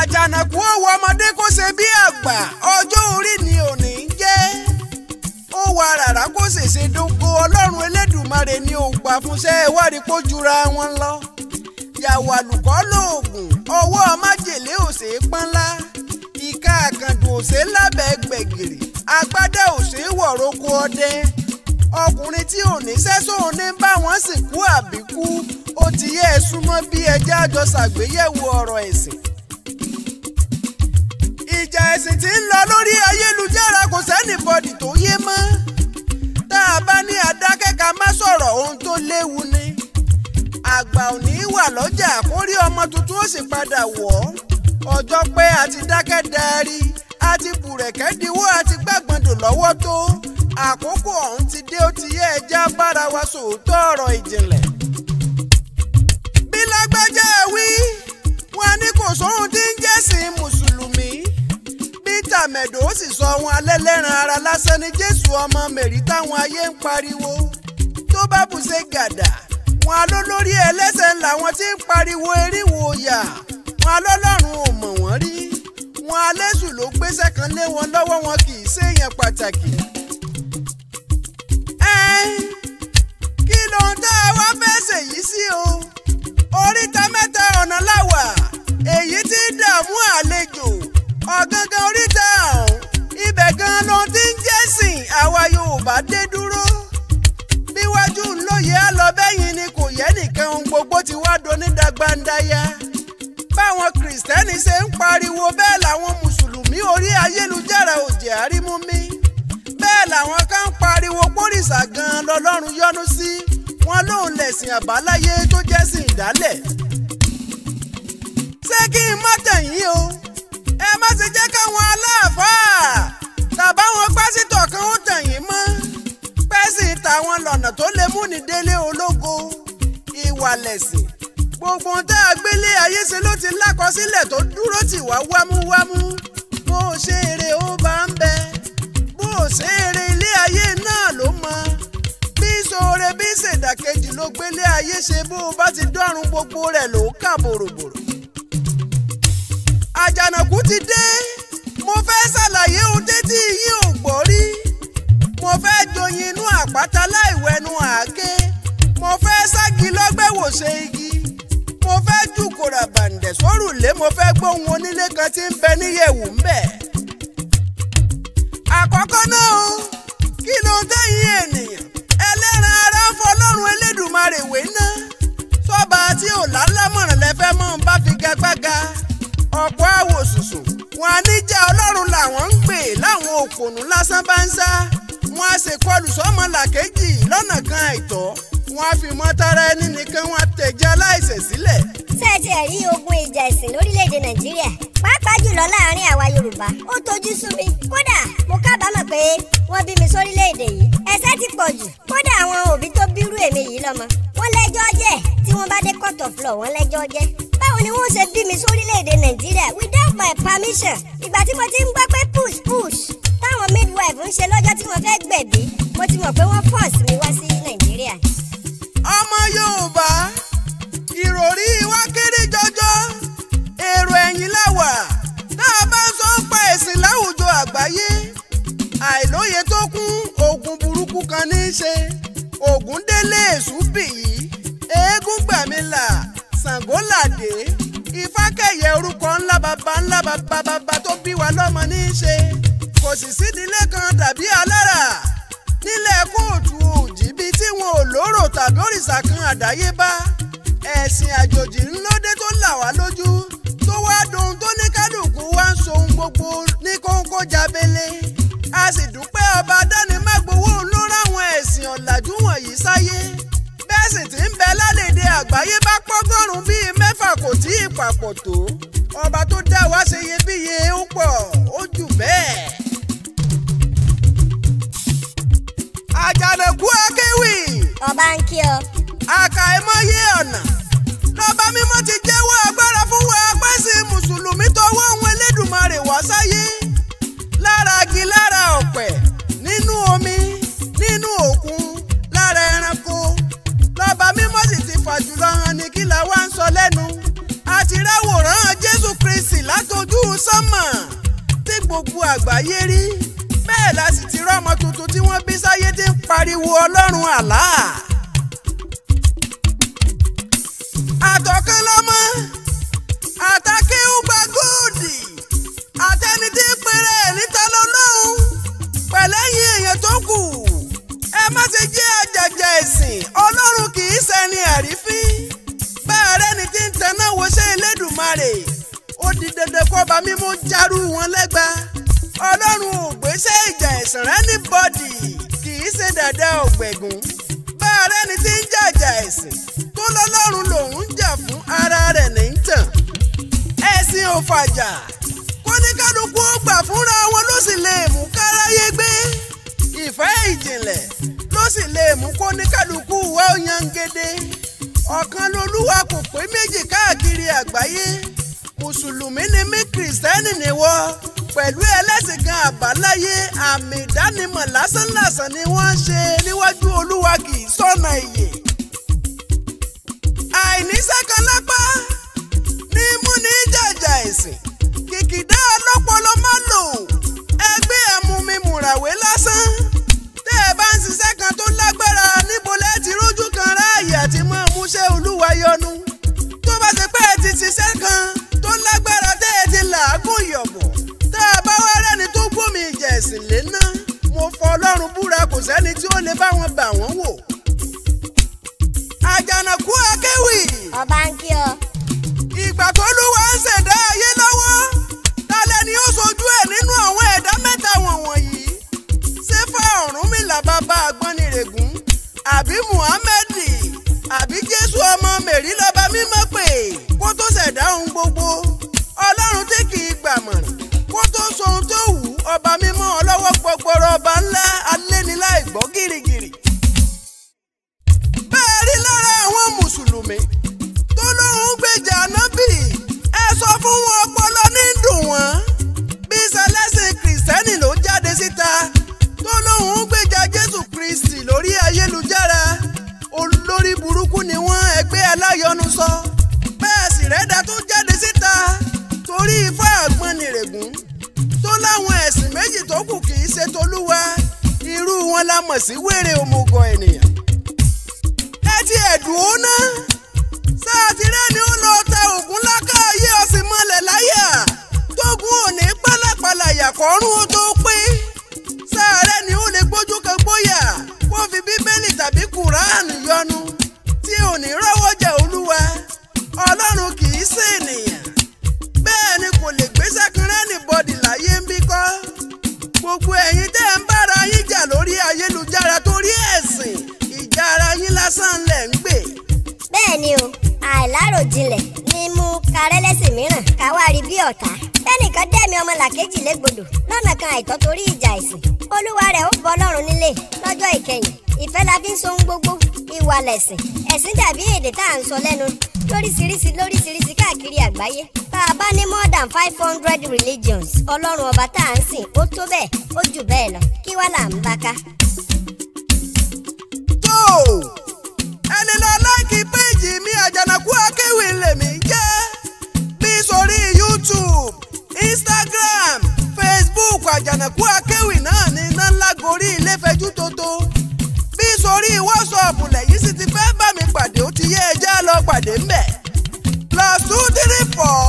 àjànàkú ọwọ́ ọmọdé kó ṣe bí àgbà ọjọ́ orí ni òní ń jẹ́ ó wa rárá kó ṣèṣe dóko ọlọ́run elédùmarè ni ò gbà fúnṣẹ́ ìwádìí kó jura wọn lọ yàwó àlùkò lóògùn ọwọ́ májèlé òṣè pọ́nlá ìka àkàndùn òṣè lábẹ́ gbẹ̀gìrì agbádá òṣè wọ̀rọ̀kọ ọdẹ ọkùnrin tí ò ní sẹ́sọ́ ò ní bá wọn sìnkú àbíkú ó ti yẹ ẹ súnmọ́ bí ẹjẹ́ àjọṣàgbéyẹ̀wò ọ̀rọ̀ ẹ̀sìn ẹ̀sìn tí ń lọ lórí ayélujára kò sẹ́nìbọ̀dì tó yé mọ́ tá a bá ní adákẹ́ka má sọ̀rọ̀ ohun tó léwu ni àgbà ò ní wà lọ́jà kó ọmọ tuntun ó sì padà wọ̀ ọjọ́ pé a ti dákẹ́ darí a ti bùrẹ̀kẹ́ diwọ́ a ti gbàgbọ́ndò lọ́wọ́ tó àkókò ọ̀hún ti dé ó ti yẹ ẹja bára wa sòótọ́ ọ̀rọ̀ ìjìnlẹ̀. bí lágbájá wí wọn ní kò sóhun tí ń jẹ́sìn mùsùlùmí àmẹ̀dò ó sì sọ àwọn alẹ́lẹ́ran ara lásán ní jésù ọmọ mẹ̀rí táwọn ayé ń pariwo tó bá bù ṣe gàdà wọn alólórí ẹlẹ́sẹ̀ ńlá wọn ti ń pariwo eríwo yà wọn alọ́lọ́run ò mọ̀ wọ́n rí wọn alẹ́sù ló gbéṣẹ́ kan lé wọn lọ́wọ́ wọn kì í ṣèyàn pàtàkì. kí ló ń tá a wá fẹ́ ṣèyí sí o. lẹ́yìn ni kò yẹ nìkan ohun gbogbo ti wá donídàgbàndáyà báwọn kìrìsìtẹ́nì ṣe ń pariwo bẹ́ẹ̀ làwọn mùsùlùmí orí ayélujára òjè àrímú bẹ́ẹ̀ làwọn kan ń pariwo pórìṣà gan-an lọ́lọ́run yọ́nú sí wọn lóun lẹ̀sìn àbáláyé tó jẹ́ sìn ìdálẹ̀ ṣé kí n má tẹ̀yìn o ẹ má ṣe jẹ́ káwọn aláàbò. ẹ̀sìn gbogbo tá a gbélé ayé ṣe ló ti lákọsílẹ̀ tó dúró tì wá wámúwámú bó o ṣe eré ó bá ń bẹ bó o ṣe eré ilé ayé náà ló mọ bí sóore bí ṣèdàkejì ló gbélé ayé ṣe bó o bá ti dọ́run gbogbo rẹ̀ ló kà bòròbòrò àjànàkú ti dé mo fẹ́ ṣàlàyé ohun tétí yín ò gbọ́ rí mo fẹ́ joyin inú àpáta láìwẹ̀nu àáké mo fẹ́ ságì lọ́gbẹ̀wò ṣe igi mo fẹ́ jùkòrà bàǹdẹ̀ sórùlé mo fẹ́ gbóhùn onílé kan tí ń bẹ níyẹ̀wò ńbẹ̀. àkọ́kọ́ náà o kí ló ń tẹ̀yìn ènìyàn ẹlẹ́ran ara ń fọlọ́run Elédùmarè wé ná sọ́ba tí ò lálámọ̀ràn lẹ́fẹ́ mọ́ ń bá fi gagbága ọ̀pọ̀ àwòsùsù wọn á níjà Ọlọ́run làwọn ń pè láwọn òpònú lásán bá ń sá wọn á ṣèkọlù sọ́mọ làkejì lọ́nà kan àìtọ́ wọ́n á fi mọ́tara ẹni nìkan wọ́n á tẹ̀jẹ́ aláìṣẹ̀ sílẹ̀. ṣé ẹ ti ẹ̀ rí ogun ìjà ìsìn lórílẹ̀‐èdè nàìjíríà pàápàá jùlọ láàárín àwa yorùbá ó tojú sú mi kódà mo kábàámọ̀ pé wọ́n bí mi sórílẹ̀‐èdè yìí ẹ̀ṣẹ̀ ti pọ̀ jù kódà àwọn òbí tó bírú èmi yìí lọ́mọ wọ́n lẹ́jọ́ jẹ́ tí wọ́n bá dé court of law wọ́n lẹ́jọ́ jẹ́ báwo ni wọ́n ṣe bí mi sórílẹ̀‐èdè nàìjíríà without my permission ìgbà tí mo ti ń gbọ́ pé push push táwọn midwife ń ṣe lọ́jọ́ tí wọ́n fẹ́ gbẹ̀bí mo ti mọ̀ pé wọ́n force mi wá sí Yorùbá ìròrí wa kéré jọjọ èrò ẹ̀yìn làwà tá a bá ń sọ pa ẹ̀sìn láwùjọ àgbáyé àìlóye tó kún ogun burúkú kan ní í ṣe ogun délé èṣù bìyí eégún gbàmílà ṣàngólàdé ìfákẹ́yẹ orúkọ ńlá bàbá ńlá bàbá bàbá tó bí wa lọ́mọ ní í ṣe kò sì sídìílé kan tàbí alára nílẹ̀ kóòtù òjì tí wọn ò lóró tàbí òrìṣà kan àdáyébá ẹ̀sìn àjòjì ńlọdẹ tó là wá lójú. ọ̀nà lọ́ba mímọ́ ti jẹ́wọ́ agbára fún wa pé sí mùsùlùmí tọwọ́ ohun Elédùmarè wá sáyé lára agi lára ọ̀pẹ nínú omi nínú òkun lára ẹranko lọ́ba mímọ́ sì ti fàjùlọ hàn ní kí la wá ń sọ lẹ́nu àti ráwòrán Jésù Kristi látojú sánmà tí gbogbo àgbáyé rí bẹ́ẹ̀ la sì ti rọ́mọ tuntun tí wọ́n bí sáyé ti ń pariwo Ọlọ́run àlá. àtọ̀kan lọ́mọ àtàkìúgba góòdì àtẹni tí péré níta lọ́lọ́run pẹ̀lẹ́yìn èèyàn tó kù ẹ má ṣe jẹ́ àjàjà ẹ̀sìn ọlọ́run kì í ṣẹni àrífín bẹ́ẹ̀ rẹ́ni tí ń tẹná wọṣẹ́ Elédùmarè ó ò gbéṣẹ́ ìjà ẹ̀sìn rẹ́ ní bọ́dì kì í ṣe dàda ọ̀gbẹ̀gùn ààrẹ ni tí ń jàjà ẹ̀sìn tó lọ́lọ́run lòún ń jà fún ara rẹ̀ ní tàn ẹ̀sìn ò fàjà kó ní kálukú ó gbà fúnra wọn ló sì lè mú káráyé gbé ìfẹ́ ìjìnlẹ̀ ló sì lè mú kó ní kálukú wá ó yangede ọ̀kan lolúwa kò pé méjì káàkiri àgbáyé mùsùlùmí ni mí kìrìsìtẹ́nì ni wọ́n pẹ̀lú ẹlẹ́sìn kan àbáláyé àmì ìdánimọ̀ lásánlàsàn ni wọ́n ń ṣe níwájú olúwa kì í sọ̀nà ìyè. àìníṣẹ́ kan lápá ní múni jàjà ẹ̀sìn kìkìdá ọlọ́pọlọ má lò ẹgbẹ́ ẹ̀mú mi mùràwé lásán. búra kò sẹ́ni tí ó lè bá wọn bà wọ́n wò. àjànàkú akéwì. ọba ń kí ọ. ayélujára olórí burúkú ni wọ́n ẹgbẹ́ aláyọnu sọ bẹ́ẹ̀ sì rẹ́dà tó jáde síta torí ifá àgbọn nìrègùn tó láwọn ẹ̀sìn méjì tó kù kì í ṣe tolúwa irú wọn la mọ̀ sí wèrè òmùgọ̀ ènìyàn. ẹ ti ẹ̀dùn ó ná sáà ti ó lọ ta ògùn lákàáyé ọ̀sìn mọ́lẹ̀ láyà tógun ò ní pálapàlà yàkọ́rùn ó tó kù. kùránì yọnu tí ò ní rọ́wọ́ jẹ olúwa ọlọ́run kì í sí ènìyàn bẹ́ẹ̀ ni kò lè gbéṣẹ́ kan rẹ́nì bọ́dì láyé ń bí kọ́ gbogbo ẹ̀yin tẹ́ ń bára yín jà lórí ayélujára torí ẹ̀sìn ìjà ara yín lásán lẹ̀ ń gbè. bẹ́ẹ̀ ni o àìláròjinlẹ̀ ni mú karẹ́lẹ́sìn mìíràn rí bí ọ̀tá fẹ́nìkan dẹ́mi ọmọ làkejì légbodò lọ́nà kan àìtọ́ torí ìjà ẹ̀sìn olúwa rẹ̀ ó bọ́ ọlọ́run nílé lọ́jọ́ ìkẹyìn ìfẹ́ la fi ń so ohun gbogbo ìwà lẹ̀sìn ẹ̀sìn dàbí èdè tá à ń sọ lẹ́nu lóríṣiríṣi lóríṣiríṣi káàkiri àgbáyé tá a bá ní more than five hundred religions ọlọ́run ọba tá à ń sìn ó tó bẹ́ẹ̀ ó jù bẹ́ẹ̀ lọ kí wá là ń bá ká. tó ẹ lọ láìkí péjì. wọ́sọ̀ọ̀pù lẹ́yìn sì ti fẹ́ bá mi pàdé ó ti yé ẹja lọ pàdé ńbẹ̀. plus two three four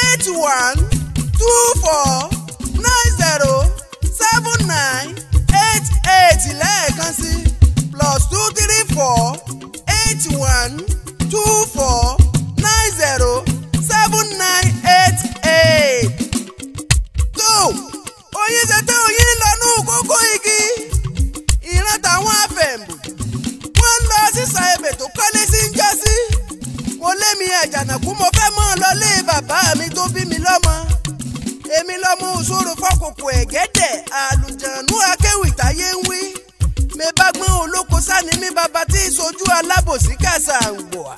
eight one two four nine zero seven nine eight eight lẹ́ẹ̀kan sí plus two three four eight one two four. mú sóòrò fọkòkò ẹ̀gẹ́dẹ̀ àlùjànú akéwì táyé ń wí mi bá gbọ́n olóko sani mi bàbá tí ìsojú alábòsí kàṣà ń gbọ̀à.